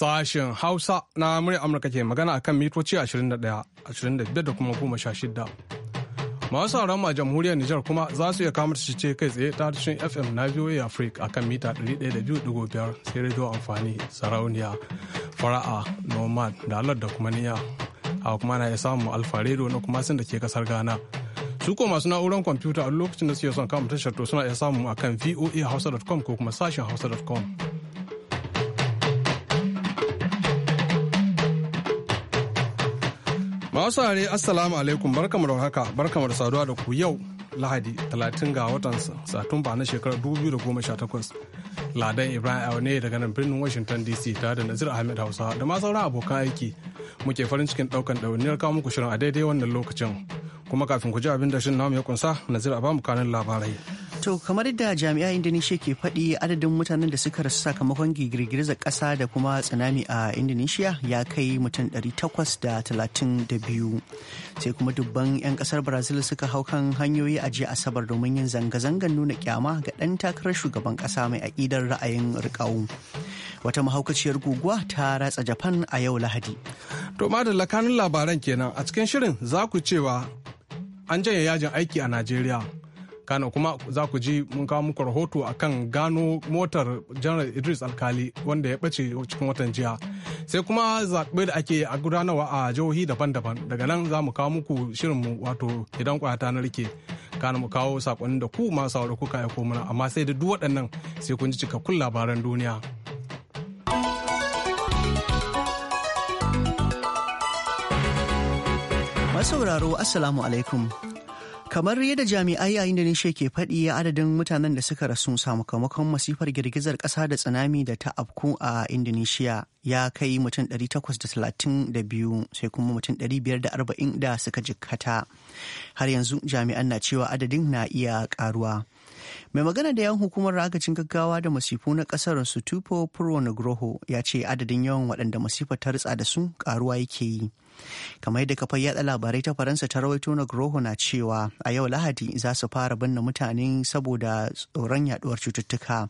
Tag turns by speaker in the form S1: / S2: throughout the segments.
S1: Sashen Hausa na murya Amurka ke magana akan mitoci 21, 25 da kuma 16. Masu sauran a jamhuriyar Nijar kuma za su iya kamar su ce kai tsaye ta tashin FM na VOA Africa akan mita 102.5 sai rido amfani sarauniya fara'a nomad da alar da kuma niya. a kuma na iya samun alfaredo na kuma sun da ke kasar Ghana. su ko masu na'urar kwamfuta a lokacin da suke son kama tashar to suna iya samu a kan voahausa.com ko kuma sashen hausa.com. Masu saurare Assalamu alaikum barkamu da haka barkamu da saduwa da ku yau Lahadi 30 ga watan Satumba na shekarar 2018. Ladan Ibrahim Awa ne daga nan birnin Washington DC tare da Nazir Ahmed Hausa da ma sauran abokan aiki. Muke farin cikin daukan ɗawainiyar kawo muku shirin a daidai wannan lokacin. Kuma kafin ku ji abin da shirin namu ya kunsa, Nazir a bamu kanin labarai. To kamar yadda
S2: jami'a Indonesia ke faɗi adadin mutanen da suka rasu sakamakon girgizar kasa da kuma tsunami a Indonesia ya kai mutum 832. Sai kuma dubban 'yan ƙasar Brazil suka hau kan hanyoyi a jiya Asabar domin yin zanga-zangar nuna kyama ga ɗan takarar shugaban ƙasa mai aƙidar ra'ayin riƙau. Wata mahaukaciyar guguwa ta ratsa Japan a yau Lahadi. To madalla kanun labaran kenan a cikin shirin za ku
S1: cewa an janye yajin aiki a Najeriya. Kano kuma za ku ji mun kawo muku rahoto a kan gano motar general Idris Alkali wanda ya bace cikin watan jiya. Sai kuma zaɓe da ake a gudanarwa a jihohi daban-daban. Daga nan za mu kawo muku shirinmu wato idan kwata na rike. Kana mu kawo saƙonin da ku masu sauro kuka aiko mana amma sai da duk waɗannan sai kun ji cikakkun labaran duniya.
S2: Masauraro Assalamu alaikum. kamar yadda jami'ai a indonesia ke faɗi adadin mutanen da suka rasu sakamakon masifar girgizar ƙasa da tsunami da ta afku a indonesia ya kai mutum 832 sai kuma mutum 540 da suka jikkata har yanzu jami'an na cewa adadin na iya ƙaruwa. mai magana da yan hukumar ragacin gaggawa da masifu na kasar sutupo purwonugroho ya ce adadin yawan waɗanda masifar ta da su karuwa yake yi kamar yadda kafar yada labarai ta faransa ta rawaito na groho na cewa a yau lahadi za su fara binne mutane saboda tsoron yaduwar cututtuka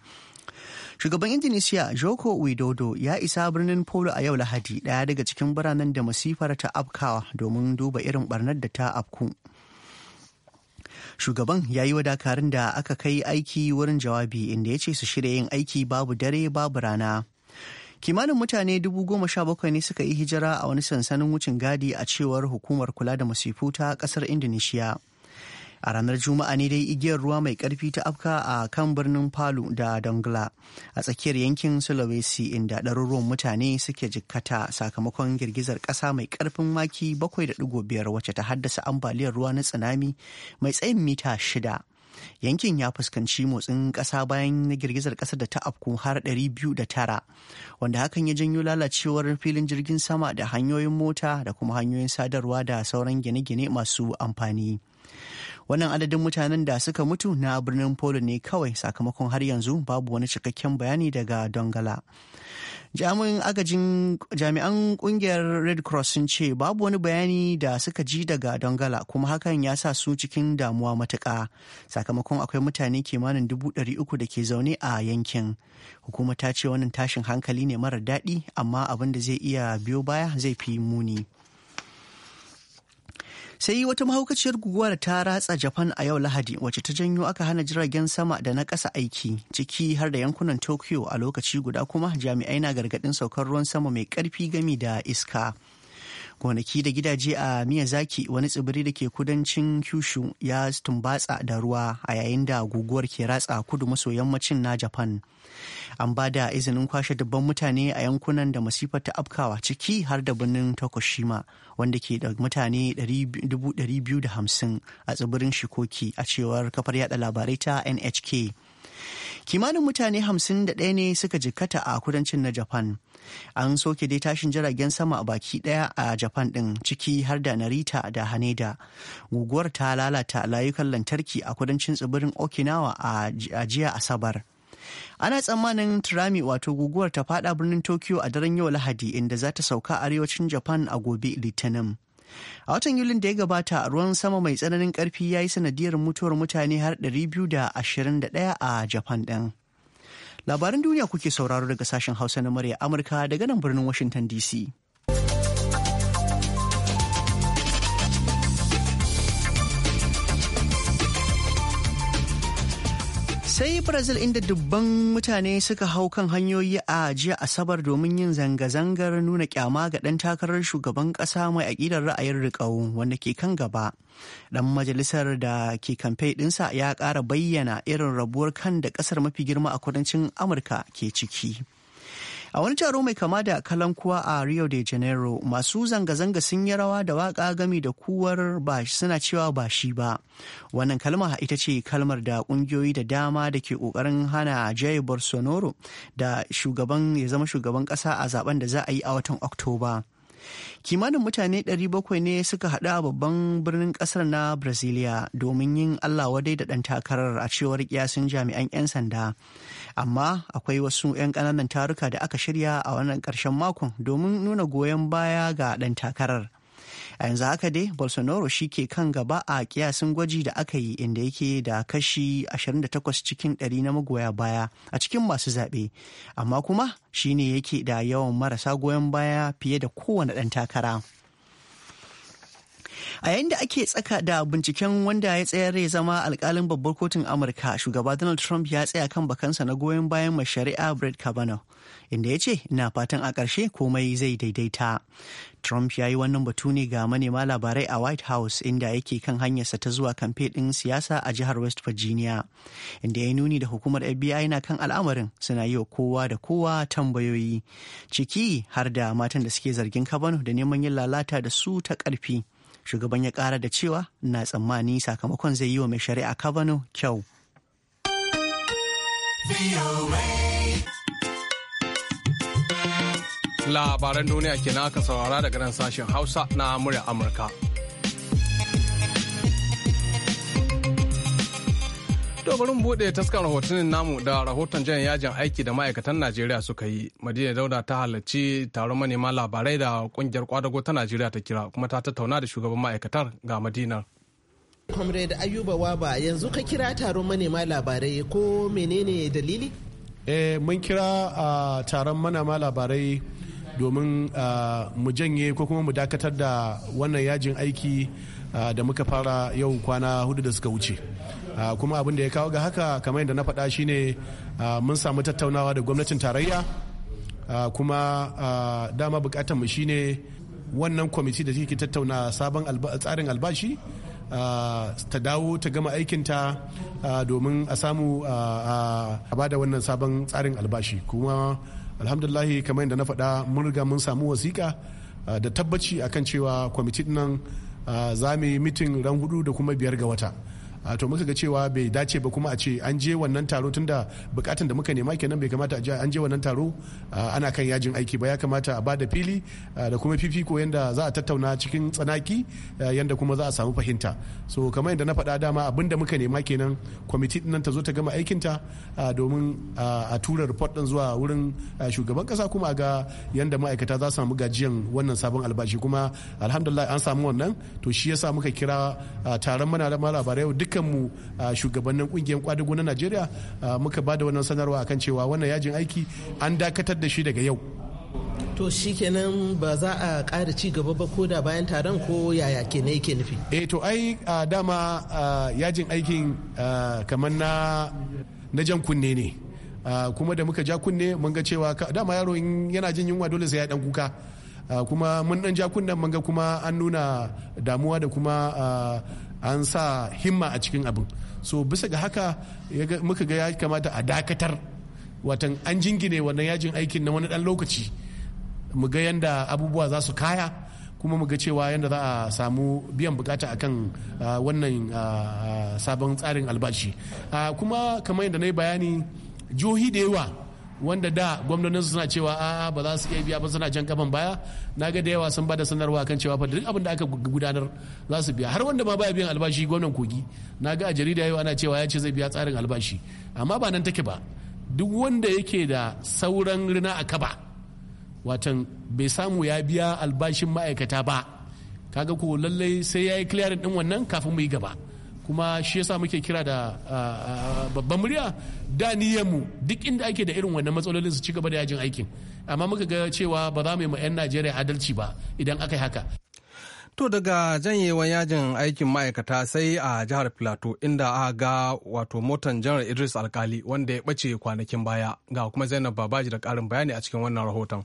S2: Shugaban Indonesia Joko Widodo ya isa birnin Polo a yau Lahadi ɗaya daga cikin biranen da masifar ta afkawa domin duba irin barnar da ta afku. Shugaban ya yi wa dakarun da aka kai aiki wurin jawabi inda ya ce su shirya yin aiki babu dare babu rana kimanin mutane dubu goma sha bakwai ne suka yi hijira a wani sansanin wucin gadi a cewar hukumar kula da masifu ta kasar indonesia a ranar juma'a ne dai igiyar ruwa mai karfi ta afka a kan birnin palu da dongla a tsakiyar yankin sulawesi inda ɗaruruwan mutane suke jikkata sakamakon girgizar ƙasa mai karfin maki 7.5 wacce ta haddasa ambaliyar ruwa na tsunami mai tsayin mita shida yankin ya fuskanci motsin ƙasa bayan na girgizar ƙasar da ta afku har 209 wanda hakan ya janyo lalacewar filin jirgin sama da hanyoyin mota da kuma hanyoyin sadarwa da sauran gine-gine masu amfani wannan adadin mutanen da suka mutu na birnin polo ne kawai sakamakon har yanzu babu wani cikakken bayani daga dongala jami'an ƙungiyar kungiyar red cross sun ce babu wani bayani da suka ji daga dongala kuma hakan ya sa su cikin damuwa matuka. sakamakon akwai mutane kimanin dubu ɗari uku da ke zaune a yankin hukuma ta ce wannan tashin hankali ne mara daɗi amma abin da zai iya biyo baya zai fi muni sai wata mahaukaciyar guguwa da ta ratsa japan a yau lahadi wacce ta janyo aka hana jiragen sama da na kasa aiki ciki har da yankunan tokyo a lokaci guda kuma jami'ai na gargadin saukar ruwan sama mai karfi gami da iska gonaki da gidaje a miyazaki wani tsibiri da ke kudancin kyushu ya tumbatsa da ruwa a yayin da guguwar ke ratsa kudu maso yammacin na japan an ba da izinin kwashe dubban mutane a yankunan da masifar ta afkawa ciki har da birnin tokushima wanda ke da mutane 250 a tsibirin shikoki a cewar kafar yada labarai ta nhk kimanin mutane hamsin da ɗaya ne suka jikkata a kudancin na japan an soke dai tashin jiragen sama a baki ɗaya a japan ɗin ciki har da narita da haneda guguwar ta lalata layukan lantarki a kudancin tsibirin okinawa a jiya asabar ana tsammanin turami wato guguwar ta fada birnin tokyo a daren yau lahadi inda za ta sauka arewacin japan a gobe litinin A watan Yulin da ya gabata ruwan sama mai tsananin ƙarfi ya yi sanadiyar mutuwar mutane har 221 a Japan ɗin. Labaran duniya kuke sauraro daga sashen Hausa na murya Amurka daga nan birnin Washington DC. sai brazil inda dubban mutane suka hau kan hanyoyi a jiya asabar domin yin zanga-zangar nuna kyama ga ɗan takarar shugaban ƙasa mai aƙidar ra'ayin riƙau wanda ke kan gaba ɗan majalisar da ke kamfe ɗinsa ya ƙara bayyana irin rabuwar kan da ƙasar mafi girma a kudancin amurka ke ciki A wani taro mai kama da kalankuwa a Rio de Janeiro, masu zanga-zanga sun yi rawa da waka gami da kuwar ba suna cewa ba shi ba. Wannan kalma ita ce kalmar da kungiyoyi da dama da ke kokarin hana Jair Bolsonaro da shugaban ya zama shugaban kasa a zaben da za a yi a watan Oktoba. kimanin mutane 700 ne suka haɗu a babban birnin ƙasar na brasilia domin yin allah wadai da ɗan takarar a cewar kiyasin jami'an 'yan sanda amma akwai wasu 'yan ƙananan taruka da aka shirya a wannan ƙarshen makon domin nuna goyon baya ga ɗan takarar a yanzu haka dai bolsonaro shi ke kan gaba a kiyasin gwaji da aka yi inda yake da kashi 28 cikin 100 na magoya baya a cikin masu zaɓe amma kuma shi ne yake da yawan marasa goyon baya fiye da kowane ɗan takara. a yayin da ake tsaka da binciken wanda ya tsayar ya zama alkalin babbar kotun amurka shugaba donald trump ya tsaya kan bakansa na goyon bayan mai shari'a brett kavanaugh inda ya ce ina fatan a karshe komai zai daidaita trump ya yi wannan batu ne ga manema labarai a white house inda yake kan hanyarsa ta zuwa kamfe ɗin siyasa a jihar west virginia inda ya nuni da hukumar fbi na kan al'amarin suna yi wa kowa da kowa tambayoyi ciki har da matan da suke zargin kavanaugh da neman yin lalata da su ta karfi. shugaban ya kara da cewa na tsammani sakamakon zai yi wa mai shari'a kavano kyau
S1: labaran duniya kenan aka saurara daga nan sashen hausa na murya amurka To bari mu bude taskar rahotannin namu da rahoton jan yajin aiki da ma'aikatan Najeriya suka yi. Madina Dauda ta halarci taron manema labarai da kungiyar kwadago ta Najeriya ta kira kuma ta tattauna da shugaban ma'aikatar ga Madinar.
S3: Comrade Ayuba Waba yanzu ka kira taron manema labarai ko
S4: menene dalili?
S5: Eh mun kira a taron manema labarai domin mu janye ko kuma mu dakatar da wannan yajin aiki Ah, da muka fara yau kwana hudu da suka wuce ah, kuma abin da ya kawo ga haka kamar yadda na faɗa shine ah, mun samu tattaunawa da gwamnatin tarayya kuma dama bukatar mu shine wannan kwamiti da take tattauna sabon tsarin albashi ta dawo ta gama aikinta domin a samu a bada wannan sabon tsarin albashi kuma alhamdulahi kamar yadda na faɗa mun riga mun samu wasiƙa da tabbaci akan cewa kwamiti nan Ah, za mu yi mitin ran hudu da kuma biyar ga wata to muka ga cewa bai dace ba kuma a ce an je wannan taro tunda bukatan da muka nema kenan bai kamata a an je wannan taro ana kan yajin aiki ba ya kamata a bada fili da kuma fifiko yanda za a tattauna cikin tsanaki yanda kuma za a samu fahimta so kamar yadda na faɗa dama abin da muka nema kenan kwamiti nan ta zo ta gama aikin ta domin a tura report din zuwa wurin shugaban kasa kuma a ga yanda ma'aikata za su samu gajiyan wannan sabon albashi kuma alhamdulillah an samu wannan to shi yasa muka kira taron mana da labarai duk dukanmu shugabannin kungiyar kwadago na najeriya muka ba da wannan sanarwa akan cewa wannan yajin aiki an dakatar da shi daga yau to
S3: shikenan ba za a ƙara ci gaba ba ko da bayan taron ko yaya ke ne yake nufi
S5: eh to ai dama yajin aikin kamar na na jan kunne ne kuma da muka ja kunne mun ga cewa dama yaro in yana jin yunwa dole sai ya dan kuka kuma mun dan ja kunnen mun ga kuma an nuna damuwa da kuma an sa himma a cikin abin so bisa ga haka muka ga ya kamata a dakatar watan an jingine wannan yajin aikin na wani dan lokaci mu ga yanda abubuwa za su kaya kuma mu ga cewa yadda za a samu biyan bukata akan wannan sabon tsarin albashi kuma kamar yadda na yi bayani jihohi da yawa wanda da gwamnonin suna cewa a ba za su iya biya ba suna jan kafan baya na ga da yawa sun bada sanarwa kan cewa fa duk abin da aka gudanar za su biya har wanda ma baya biyan albashi gwamnan kogi na ga a jarida yau ana cewa ya ce zai biya tsarin albashi amma ba nan take ba duk wanda yake da sauran rina a kaba watan bai samu ya biya albashin ma'aikata ba kaga ko lallai sai ya yi clearing din wannan kafin mu yi gaba kuma shi yasa muke kira da babban murya da mu duk inda ake da irin wannan matsalolin su ci gaba da yajin aikin amma muka ga cewa ba za mu yi ma 'yan najeriya adalci ba idan aka yi haka
S1: To daga janyewan yajin aikin ma'aikata sai a jihar plateau inda aka ga wato motan janar Idris Alkali wanda ya ɓace kwanakin baya ga kuma Zainab Babaji da ƙarin bayani a cikin wannan rahoton.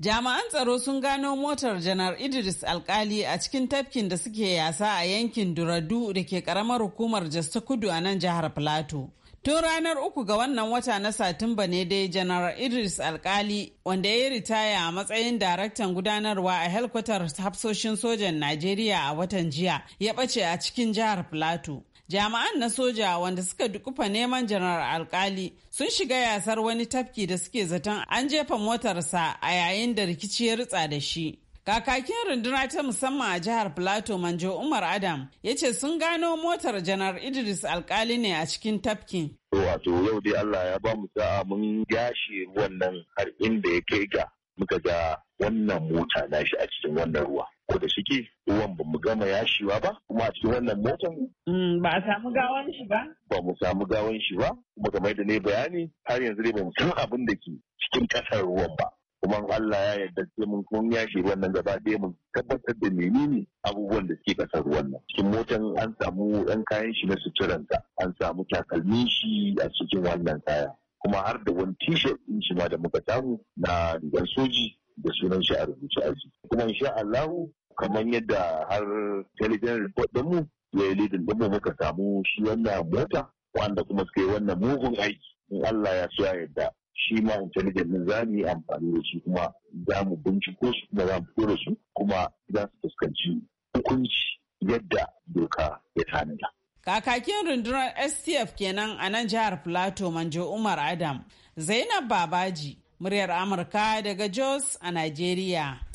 S4: Jami'an tsaro sun gano motar janar Idris Alkali a cikin tafkin da suke yasa a yankin Duradu da ke karamar hukumar Jos Kudu a nan jihar Plateau. Tun ranar uku ga wannan wata na Satumba ne dai Janar Idris Alkali wanda ya yi ritaya a matsayin daraktan gudanarwa a helkwatar hafsoshin sojan Najeriya a watan jiya ya ɓace a cikin jihar Plateau. Jami'an na soja wanda suka dukufa neman janar alkali sun shiga yasar wani tafki da suke zaton an jefa motarsa a yayin da rikici ya ritsa da shi. Kakakin runduna ta musamman a jihar Plateau Manjo Umar Adam ya ce sun gano motar janar Idris alkali ne a cikin tafkin.
S6: Wato yau dai Allah ya ba mu sa'a mun gashi wannan har inda ya kai ga muka ga wannan mota nashi a cikin wannan ruwa. ko da shike ruwan ba mu gama yashiwa ba kuma a cikin wannan motan.
S4: Mm, ba a samu gawan shi ba.
S6: Ba mu samu gawan shi ba kuma kamar da ne bayani har yanzu dai ba mu san abin da ke cikin kasar ruwan ba. Kuma Allah ya yarda sai mun kun yashe wannan gaba ɗaya mun tabbatar da menene abubuwan da suke kasar ruwan nan. Cikin motan an samu ɗan kayan shi na suturanta an samu takalmin shi a cikin wannan kaya. kuma har da wani t-shirt din shi ma da muka samu na rigar soji da sunan shi a rubuce a kuma insha Allah kamar yadda har intelligence report da mu ya yi lidin da mu muka samu shi wannan mota wanda kuma suka yi wannan mugun aiki in Allah ya so ya yadda shi ma intelligent din za mu yi amfani da shi kuma za mu binciko su kuma za mu fito su kuma za su fuskanci hukunci yadda doka ya tanada.
S4: Kakakin rundunar STF kenan a nan jihar Plateau Manjo Umar Adam, Zainab Babaji, muryar Amurka daga Jos a Najeriya.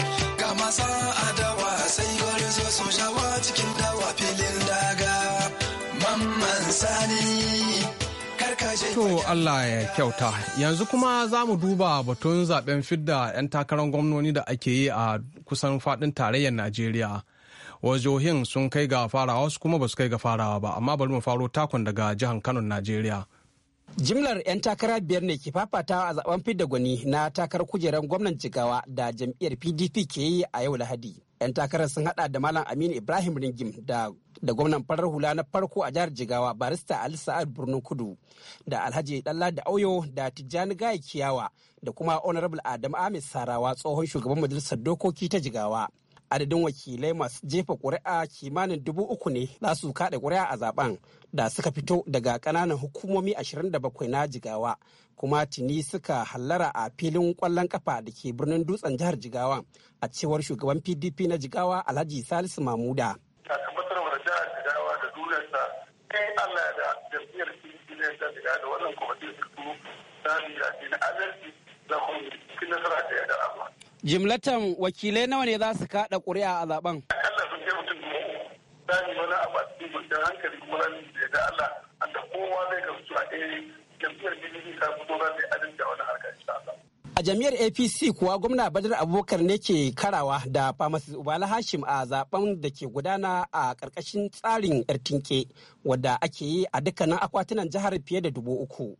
S7: masa adawa sai bari zo sun shawa cikin dawa filin daga mamman
S1: sani To Allah ya kyauta yanzu kuma za mu duba batun zaben fidda 'yan takarar gwamnoni da ake yi a kusan faɗin tarayyar Najeriya. Wajohin sun kai ga farawa su kuma ba su kai ga farawa ba amma bari mu faro takon daga jihar Kano Najeriya.
S7: jimlar 'yan takara biyar ne ke fafatawa a zaben fidda gwani na takarar kujerar gwamnan jigawa da jam'iyyar pdp ke yi a yau lahadi 'yan takarar sun hada da malam aminu ibrahim ringim da da gwamnan farar hula na farko a jihar jigawa barista ali sa'ad birnin kudu da alhaji dalla da auyo da tijjani gaya kiyawa da kuma honorable adam ahmed sarawa tsohon shugaban majalisar dokoki ta jigawa adadin wakilai masu jefa ƙuri'a kimanin dubu uku ne za su kaɗa ƙuri'a a zaben da suka fito daga ƙananan hukumomi 27 na jigawa kuma tuni suka hallara a filin ƙwallon kafa da ke birnin dutsen jihar jigawa a cewar shugaban pdp na jigawa alhaji salisu mamuda da wannan da kuma Jimlatan wakilai nawa ne za su kaɗa ƙuri'a a zaben? Akalla
S6: sun kai mutum za mu mana a batun mutum hankali kuma za mu da da Allah da kowa zai
S7: gamsu a ɗaya jam'iyyar PDP ta fito za ta yi a wani harkar insha Allah. A jam'iyyar APC kuwa gwamna Badar Abubakar ne ke karawa da famasi Ubala Hashim a zaben da ke gudana a ƙarƙashin tsarin 'yar tinke wadda ake yi a dukkanin akwatunan jihar fiye da dubu uku.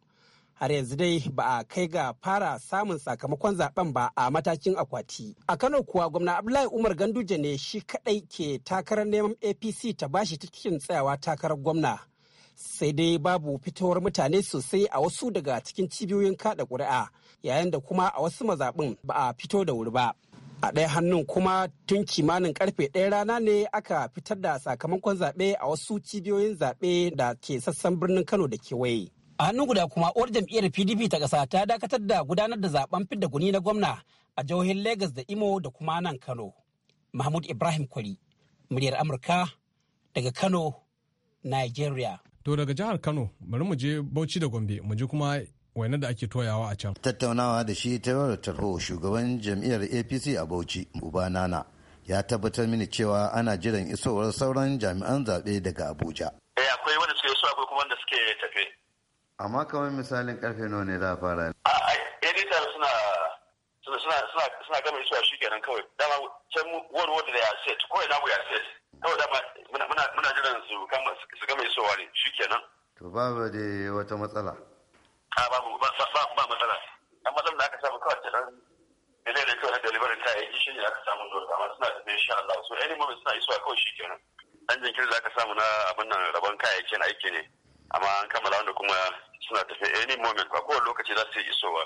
S7: har yanzu dai ba a kai ga fara samun sakamakon zaben ba a matakin akwati a kano kuwa gwamna abdullahi umar ganduje ne shi kadai ke takarar neman apc ta bashi cikin tsayawa takarar gwamna sai dai babu fitowar mutane sosai a wasu daga cikin cibiyoyin kada ƙuri'a yayin da kuma a wasu mazaɓin ba a fito da wuri ba a ɗaya hannun kuma tun kimanin karfe ɗaya rana ne aka fitar da sakamakon zaɓe a wasu cibiyoyin zaɓe da ke sassan birnin kano da kewaye a hannun guda kuma uwar jam'iyyar pdp ta ƙasa ta dakatar da gudanar da zaben fidda guni na gwamna a jihohin lagos da imo da kuma nan kano mahmud ibrahim kwari muryar amurka
S1: daga kano nigeria to daga jihar kano bari mu je bauchi da gombe mu je kuma wainar da ake toyawa a can
S8: tattaunawa da shi ta da shugaban jam'iyyar apc a bauchi uba nana ya tabbatar mini cewa ana jiran isowar sauran jami'an zaɓe daga abuja eh akwai wanda suke akwai kuma wanda suke tafe amma kamar misalin karfe nawa ne za a fara a
S6: edita suna suna suna gama isuwa shi kenan kawai dama can wani wadda da ya set kawai na mu ya set
S8: kawai dama muna muna jiran su kama su gama isuwa ne shi kenan to babu da wata matsala
S6: a babu ba ba matsala amma matsalar da aka samu kawai kenan idan da kawai delivery ta yi shi ne aka samu zuwa, amma suna da insha Allah so any moment suna isuwa kawai shi kenan dan jinkirin da aka samu na abin nan rabon kayayyakin aiki ne amma an kammala wanda kuma suna tafi any eh, moment ba kowane lokaci za su iya isowa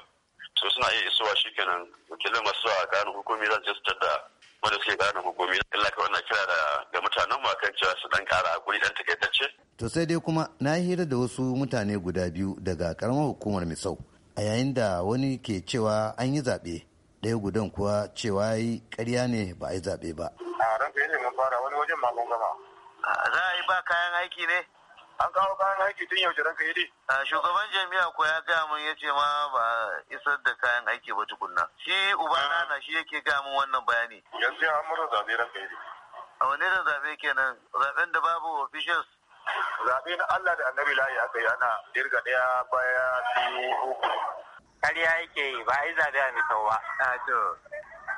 S6: so suna iya isowa shikenan wakilin masu a ganin hukumi za su je da wanda suke ganin hukumi illa kawai na kira da ga mutanen mu akan
S8: cewa su dan ƙara hakuri dan takaitacce. to sai dai kuma na hira da wasu mutane guda biyu daga karamar hukumar misau a yayin da wani ke cewa an yi zaɓe ɗaya gudan kuwa cewa ya yi ƙarya ne ba a yi zaɓe ba.
S6: a ranka yi ne mun fara wani wajen ma gama. za a yi ba kayan aiki ne. an kawo kayan aiki tun yaushe ranka yi dai. shugaban jami'a ko ya gaya min ya ce ma ba isar da kayan aiki ba tukunna shi ubana na shi yake gaya min wannan bayani. yanzu an mura zaɓe ranka yi a wani da zaɓe kenan zaɓen da babu officials zaɓe na Allah da annabi layi aka yi ana dirga ɗaya baya biyu uku. Karya yake yi ba yi zaɓe a misau ba.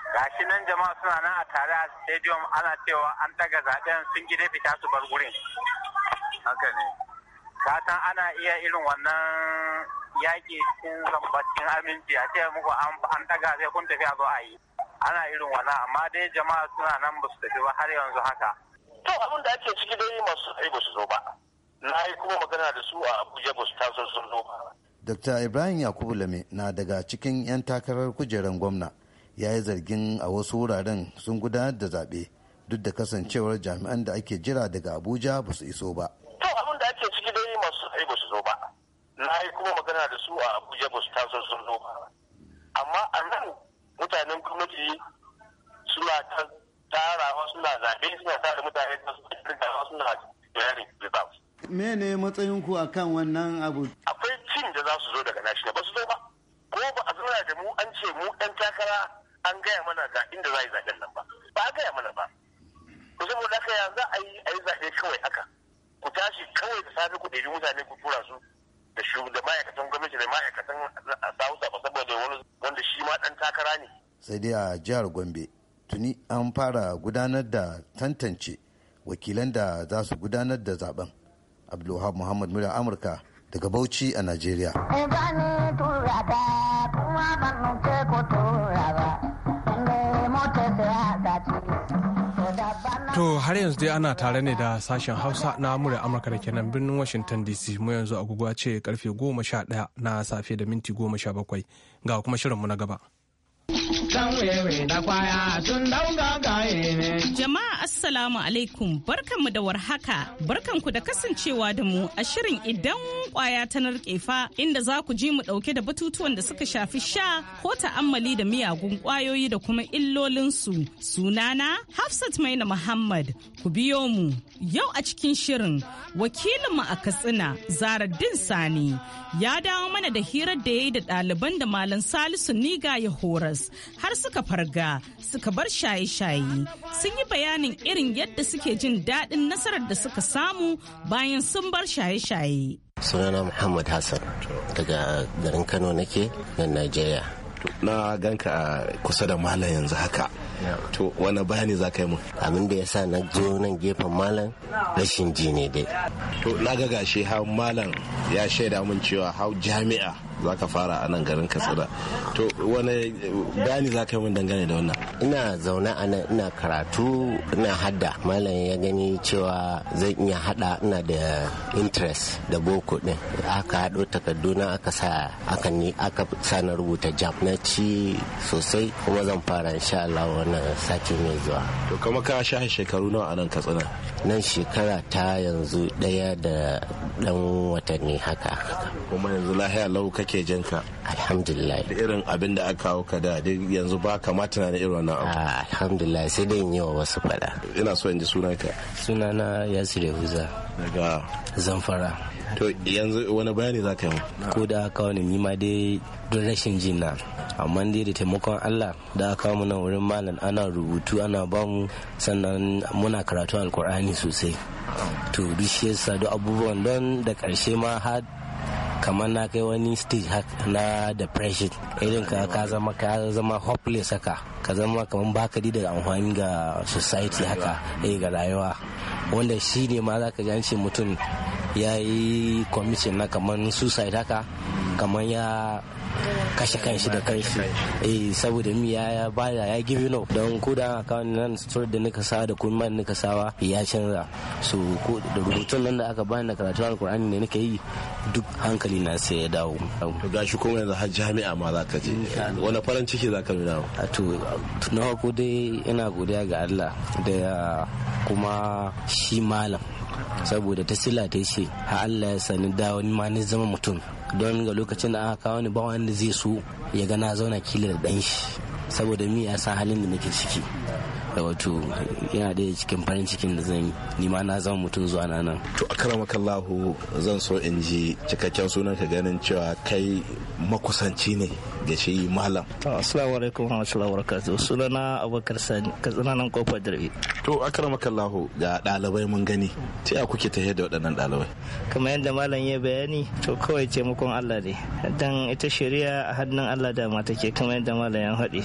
S3: Gashi nan jama'a suna nan a tare a stadium ana cewa an daga zaɓen sun gida fita su bar gurin. haka ne fatan ana iya irin wannan yaƙi cikin zambacin aminci a ce muku an daga sai kun tafi a zo a yi
S6: ana irin wannan amma dai jama'a suna nan ba su tafi ba har yanzu haka to abin da ake ciki dai masu ai ba su zo ba na yi kuma magana da su a abuja ba su taso sun zo ba
S8: Dr. Ibrahim Yakubu Lame na daga cikin 'yan takarar kujerar gwamna ya yi zargin a wasu wuraren sun gudanar da zaɓe duk da kasancewar jami'an da ake jira daga Abuja ba su iso ba.
S6: to abin da ake ciki dai masu ai ba su zo ba na yi kuma magana da su a abuja ba su taso sun zo ba amma a nan mutanen gwamnati suna ta wasu suna zaɓe suna tara mutane da suna suna yarin results.
S8: mene matsayinku a kan wannan abu
S6: akwai cin da za su zo daga national ba su zo ba ko ba a zauna da mu an ce mu ɗan takara an gaya mana ga inda za a yi zaɓen nan ba ba a gaya mana ba saboda haka ya za a yi a yi zaɓe kawai haka tashi kawai da safe ku ɗari mutane ku tura su da shugaban da ma'aikatan gwamnati da ma'aikatan a sausa ba saboda
S8: wani wanda shi ma ɗan takara ne. sai dai a jihar gombe tuni an fara gudanar da tantance wakilan da za su gudanar da zaben abdulwahab muhammad murya amurka daga bauchi a najeriya.
S1: To har yanzu dai ana tare ne da sashen Hausa na murya Amurka da kenan birnin Washington DC mu yanzu agogo ce karfe goma sha ɗaya na safe da minti goma sha bakwai ga kuma shirinmu na gaba.
S9: Jama'a assalamu alaikum barkanmu da warhaka barkanku da kasancewa da mu a shirin idan kwaya ta narkefa inda za ku ji mu dauke da batutuwan da suka shafi sha ko ta'ammali da miyagun kwayoyi da kuma illolinsu sunana Hafsat Maina Muhammad ku biyo mu Yau a cikin shirin wakilinmu a Katsina Zaraddin Sani ya dawo mana da hirar da ya yi da ɗaliban da Malam Salisu Niga ya horas har suka farga suka bar shaye-shaye sun yi bayanin irin yadda suke jin daɗin nasarar da suka samu bayan sun bar shaye-shaye.
S3: Sunana Muhammad Hassan daga garin Kano nake nan Najeriya. na ganka a kusa da malam yanzu haka to wani bayani za ka yi mun abin da ya sa na zo nan gefen malam rashin ji dai to na ga gashi har malam ya shaida mun cewa hau jami'a za ka fara a nan garin katsina to wani bayani za ka yi min dangane da wannan ina zaune a nan ina karatu ina hadda malam ya gani cewa zan iya hada ina da interest da boko din aka takardu takarduna aka sa aka ni aka sa na rubuta jam na ci sosai kuma zan fara insha Allah wannan sati mai zuwa to kuma ka sha shekaru nawa a nan katsina nan shekara ta yanzu ɗaya da ɗan watanni haka. Kuma yanzu lahiya lau kake jinka. alhamdulillah da irin abin da aka kawo ka da yanzu ba kamata na irin wannan abu ah, alhamdulillah sai dai in wa wasu fada ina so in ji sunanka sunana yasir huza daga zamfara to yanzu wani bayani za ka yi
S10: ko da aka wani nima ma dai don rashin jin na amma dai da taimakon allah da aka kawo mu nan wurin malam ana rubutu ana bamu sannan muna karatu alkur'ani sosai to duk shi yasa duk abubuwan don da karshe ma har kamar na kai wani stage na depression irin ka ka zama ka zama hopeless haka ka zama kamar baka da amfani ga society haka eh ga rayuwa wanda shi ne ma zaka ji an mutum ya yi commission na kamar suicide haka kamar ya kashe kanshi da kanshi eh saboda mi ya baya ya give know don ko da aka nan story da nika sawa da kuma nika sawa ya canza
S3: so ko da rubutun nan da aka bani na karatu alkur'ani ne nika yi duk hankali na sai ya dawo to gashi kuma yanzu har jami'a ma za ka je wani farin ciki za ka dawo. to na ko dai ina godiya ga Allah da kuma shi
S10: malam saboda ta sila ta ce ha Allah ya sani da wani ma ni zama mutum don ga lokacin da aka kawo ni ba wanda zai so ya ga na zauna kila da dan shi saboda mi ya san halin da nake ciki Eh, wato yana da cikin farin cikin da zan yi ma na
S3: zama mutum zuwa nan to karama kallahu zan so in ji cikakken sunan ka ganin
S11: cewa kai makusanci ne da shi malam assalamu alaikum wa rahmatullahi wa barakatuh sunana abubakar sani Ka katsina nan kofar dare to karama kallahu ga dalibai mun gani ta ya kuke tafiyar da waɗannan dalibai kamar yadda malam ya bayani to kawai taimakon Allah ne dan ita shari'a a hannun Allah da mata ke kamar yadda malam ya haɗi.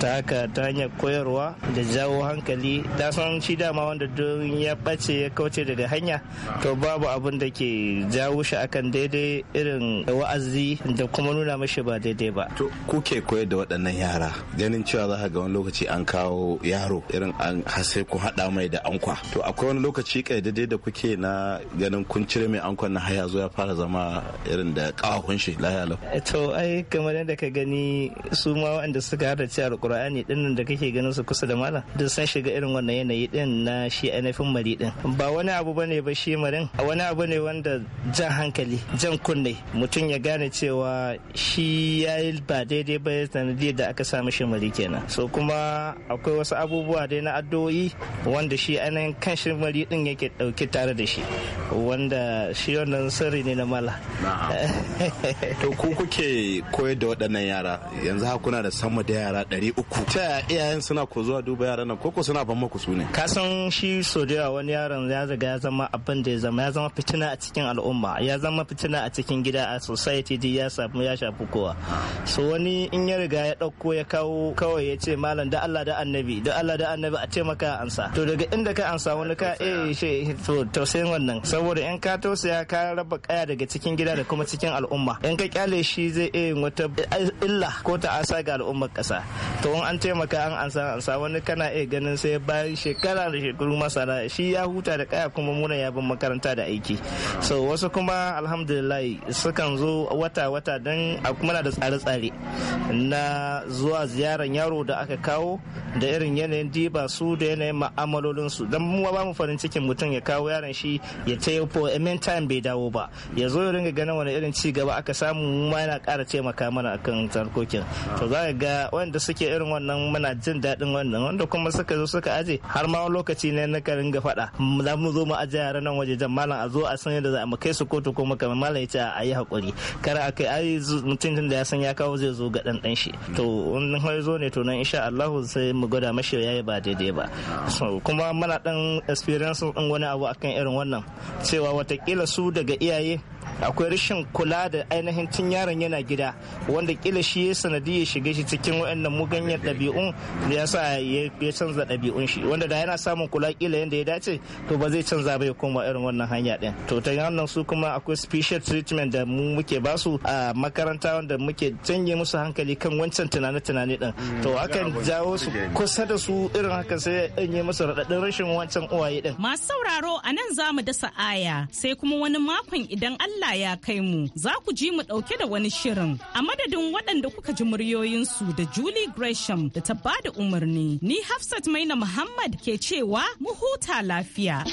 S11: ta haka ta hanyar koyarwa da jawo hankali da san shi dama wanda don ya ɓace ya kauce daga hanya to babu abin da ke jawo shi akan daidai irin wa'azi da kuma nuna mashi ba daidai ba to kuke koyar da waɗannan yara ganin cewa za
S3: ka ga wani lokaci an kawo yaro irin an hasai ku haɗa mai da ankwa to akwai wani lokaci daidai da kuke na ganin kun cire mai ankwan na haya zo fara zama irin da kawakun shi layalau
S11: to ai kamar yadda ka gani su ma waɗanda suka hada ci alƙur'ani ɗin da kake ganin su kusa da malam haka duk sun shiga irin wannan yanayi din na shi ainihin mari din ba wani abu bane ba shi marin wani abu ne wanda jan hankali jan kunne mutum ya gane cewa shi ya yi ba daidai ba sanadiyar da aka sa mishi mari kenan so kuma akwai wasu abubuwa dai na addu'o'i wanda shi ainihin kan shi mari din yake dauke tare da shi wanda shi wannan sirri ne na mala
S3: to ku kuke koyar da waɗannan yara yanzu hakuna da sama da yara ɗari uku ta iyayen suna ko zuwa duba yaran nan koko suna ban muku su ne
S11: ka san shi so da wani yaron ya riga ya zama abin da ya zama ya zama fitina a cikin al'umma ya zama fitina a cikin gida a society dai ya samu ya shafi kowa so wani in ya riga ya dauko ya kawo kawai ya ce malam da Allah da annabi da Allah da annabi a ce maka ansa to daga inda ka ansa wani ka eh she to tausayin wannan saboda in ka tausaya ka raba kaya daga cikin gida da kuma cikin al'umma in ka kyale shi zai iya wata illa ko ta'asa ga al'ummar kasa to in an taimaka an ansa ansa wani kan kana iya ganin sai bayan shekara da shekaru masana shi ya huta da kaya kuma muna ya bin makaranta da aiki so wasu kuma alhamdulillah sukan zo wata wata don a kuma da tsare-tsare na zuwa ziyaran yaro da aka kawo da irin yanayin diba su da yanayin ma'amalolin su don mu ba mu farin cikin mutum ya kawo yaron shi ya ta yi amen time bai dawo ba ya zo ya ringa ganin wani irin ci gaba aka samu mu ma yana ƙara taimaka mana akan tarkokin to za ga wanda suke irin wannan muna jin daɗin wannan wanda kuma suka zo suka aje har ma wani lokaci ne na karin ga fada za mu zo mu aje yaran nan waje jan malam a zo a san yadda za mu kai su kotu kuma kamar malam ya ce a yi hakuri kar a kai ai mutum da ya san ya kawo zai zo ga dan shi to in har zo ne to nan insha Allah sai mu gwada mashi yayi ba daidai ba kuma muna dan experience din wani abu akan irin wannan cewa watakila su daga iyaye akwai rashin kula da ainihin tun yaron yana gida wanda kila shi ya sanadi ya shiga shi cikin waɗannan muganyar ɗabi'un da ya sa ya canza ɗabi'un shi wanda da yana samun kula kila yadda ya dace to ba zai canza ba ya koma irin wannan hanya ɗin to ta wannan su kuma akwai special treatment da mu muke basu a makaranta wanda muke canje musu hankali kan wancan tunane-tunane ɗin mm, to akan jawo su kusa da su irin haka sai in yi musu raɗaɗin rashin wancan uwaye ɗin.
S9: masu sauraro a nan za mu dasa aya sai kuma wani makon idan Allah ya kai mu za ku ji mu ɗauke da wani shirin. A madadin waɗanda kuka ji muryoyinsu da Julie Gresham da ta ba da umarni. Ni Hafsat Maina Muhammad ke cewa mu huta lafiya.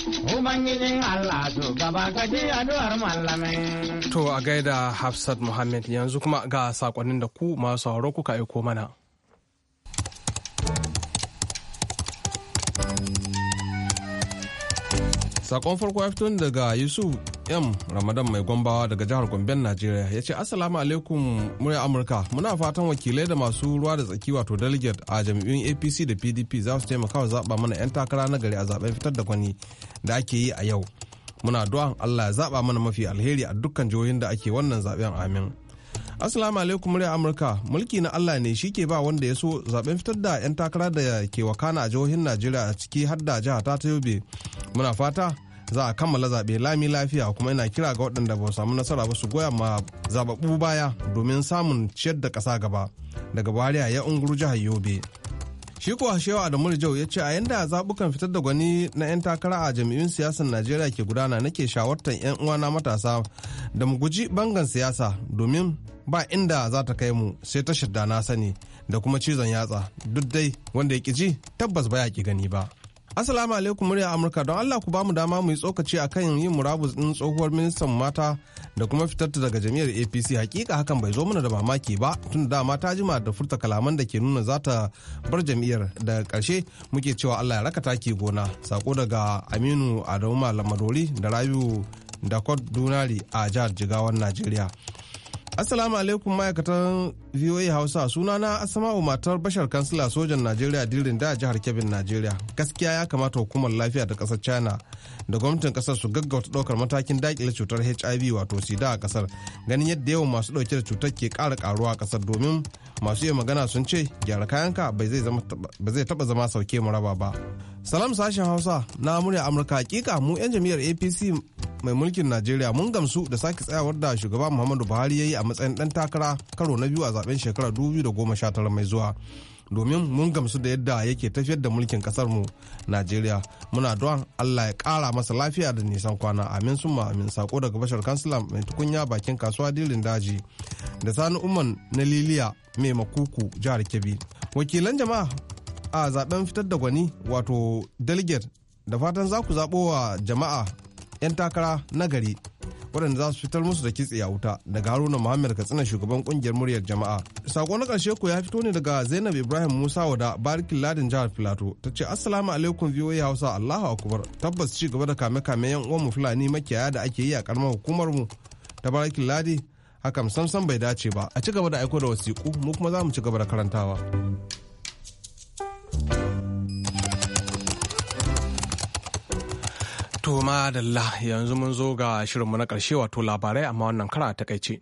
S1: To a gaida Hafsat Muhammad yanzu kuma ga sakonnin da ku masu sauro kuka aiko mana. sakon farko ya fito daga yusuf m ramadan mai gombawa daga jihar gomben najeriya ya ce assalamu alaikum murya amurka muna fatan wakilai da masu ruwa da tsaki wato delegate a jam'iyyun apc da pdp za su taimaka wa zaba mana 'yan takara na gari a zaɓen fitar da kwani da ake yi a yau muna du'an allah ya zaba mana mafi alheri a dukkan jihohin da ake wannan zaɓen amin Asalamu alaikum murya Amurka mulki na Allah ne shi ke ba wanda ya so zaben fitar da 'yan takara da ke wakana a jihohin Najeriya a ciki har da jiha ta ta yobe. Muna fata za a kammala zaɓe lami lafiya kuma ina kira ga waɗanda ba samu nasara ba su goya ma zababbu baya domin samun ciyar da ƙasa gaba daga Buhari ya unguru jihar Yobe. Shi ko hashewa da Murjau ya ce a yanda zaɓukan fitar da gwani na 'yan takara a jami'in siyasar Najeriya ke gudana nake shawartar 'yan uwana matasa da mu guji bangan siyasa domin ba inda za ta kai mu sai ta shirda na sani da kuma cizon yatsa duk dai wanda ya ji tabbas ba ya ki gani ba. Assalamu alaikum murya Amurka don Allah ku bamu dama mu yi tsokaci kan yin murabus din tsohuwar ministan mata da kuma fitar ta daga jami'ar APC hakika hakan bai zo mana da mamaki ba tun da dama ta jima da furta kalaman da ke nuna za ta bar jami'ar daga karshe muke cewa Allah ya raka taki gona sako daga Aminu Adamu Malamadori da Rabiu da Dunari a jihar jigawar Najeriya. Assalamu alaikum ma'aikatan VOA Hausa sunana Asma'u matar bashar kansila sojan Najeriya dirin da jihar Kebbi Najeriya. Gaskiya ya kamata hukumar lafiya ta ƙasar China da gwamnatin kasar su gaggauta daukar matakin daƙile cutar hiv wato sida a kasar ganin yadda yawan masu ɗauke da cutar ke ƙara karuwa a kasar domin masu iya magana sun ce gyara kayanka ba zai taɓa zama sauke mu raba ba salam sashen hausa na murya amurka hakika mu 'yan jam'iyyar apc mai mulkin najeriya mun gamsu da sake tsayawar da shugaba muhammadu buhari ya yi a matsayin ɗan takara karo na biyu a zaben shekarar 2019 mai zuwa domin mun gamsu da yadda yake tafiyar da mulkin kasar mu najeriya muna don allah ya kara masa lafiya da nisan kwana amin summa amin sako daga bashar kansila mai tukunya bakin kasuwa dilin daji da sani umman na liliya mai makuku jihar kebbi wakilan jama'a a zaben fitar da gwani wato delegate da fatan za ku zaɓo wa jama'a 'yan takara na gari waɗanda za su fitar musu da kitse a wuta daga haruna muhammad katsina shugaban kungiyar muryar jama'a sako na ƙarshe ko ya fito ne daga zainab ibrahim musa wada barikin ladin jihar filato ta ce assalamu alaikum voa hausa allahu akubar tabbas ci gaba da kame kame yan uwanmu fulani makiyaya da ake yi a karamar hukumar mu ta barikin ladi hakan samsam bai dace ba a ci gaba da aiko da wasiƙu mu kuma za mu ci gaba da karantawa. To da yanzu mun zo ga shirinmu na ƙarshe wato labarai amma wannan kara takaice.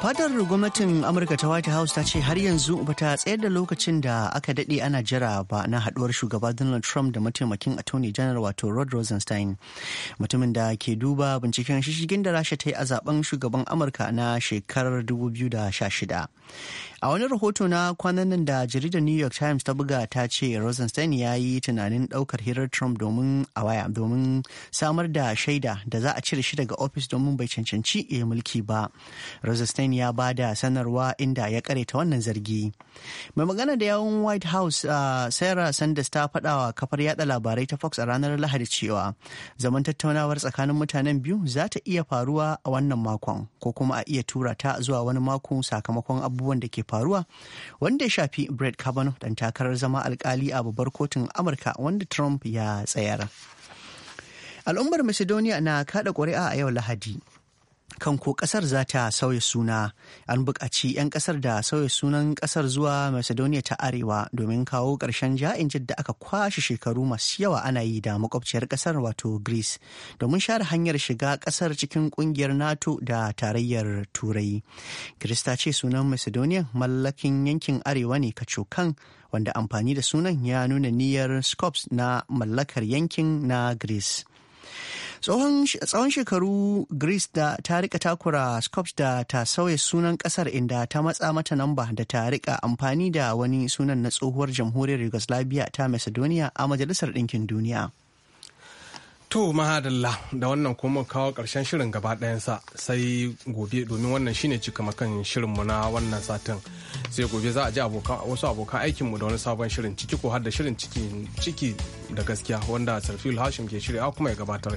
S2: fadar gwamnatin amurka ta white house ta ce har yanzu ba ta tsayar da lokacin da aka daɗe ana jira ba na haɗuwar shugaba donald trump da mataimakin attorney general wato rod rosenstein mutumin da ke duba binciken shishigin da rasha ta yi a zaben shugaban amurka na shekarar 2016 A wani rahoto na kwanan nan da jaridar New York Times ta buga ta ce Rosenstein ya yi tunanin ɗaukar hirar Trump domin a waya domin samar da shaida da za a cire shi daga ofis domin bai cancanci ya mulki ba. Rosenstein ya ba da sanarwa inda ya ta wannan zargi. Mai magana da yawun White House uh, Sarah Sanders ta faɗa kafar yada labarai ta Fox a ranar Lahadi cewa zaman tattaunawar tsakanin mutanen biyu za ta iya faruwa a wannan makon ko kuma a iya tura ta zuwa wani mako sakamakon abu. abubuwan da ke faruwa wanda ya shafi brett kavanaugh dan takarar zama alkali a babbar kotun amurka wanda trump ya tsayar al'ummar macedonia na kada ƙuri'a a yau lahadi kan ko kasar za ta sauya suna an buƙaci 'yan kasar da sauya sunan kasar zuwa macedonia ta arewa domin kawo ƙarshen ja'in da aka kwashe shekaru masu yawa ana yi da makwabciyar kasar wato greece domin share hanyar shiga kasar cikin ƙungiyar nato da tarayyar turai greece ta ce sunan macedonia mallakin yankin arewa ne kacokan wanda amfani da sunan ya nuna niyyar scopes na mallakar yankin na greece tsawon shekaru greece da ta rika takura scopes da ta sauya sunan kasar inda ta matsa mata namba da ta rika amfani da wani sunan na tsohuwar jamhuriyar yugoslavia ta macedonia a majalisar ɗinkin duniya
S1: To mahadalla da wannan kuma kawo ƙarshen shirin gaba ɗayansa sai gobe domin wannan shine cikamakan shirinmu na wannan satin sai gobe za a ji wasu abokan mu da wani sabon shirin ciki ko har da shirin ciki da gaskiya wanda sarfil hashim ke shirya kuma ya gabatar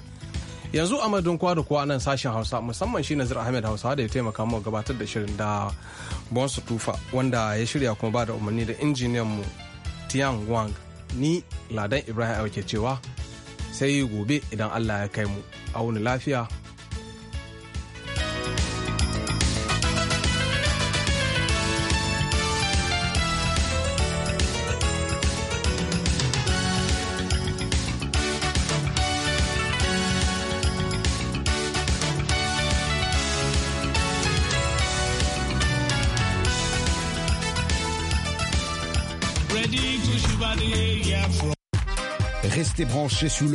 S1: yanzu a madun kowa da kuwa nan sashen hausa musamman shi nazir ahmed hausa da ya taimaka mu gabatar da shirin da bonsu tufa wanda ya shirya kuma ba da umarni da injiniyan mu tian wang ni ladan ibrahim ke cewa sai gobe idan Allah ya kai mu auna lafiya
S8: Restez branchés sur le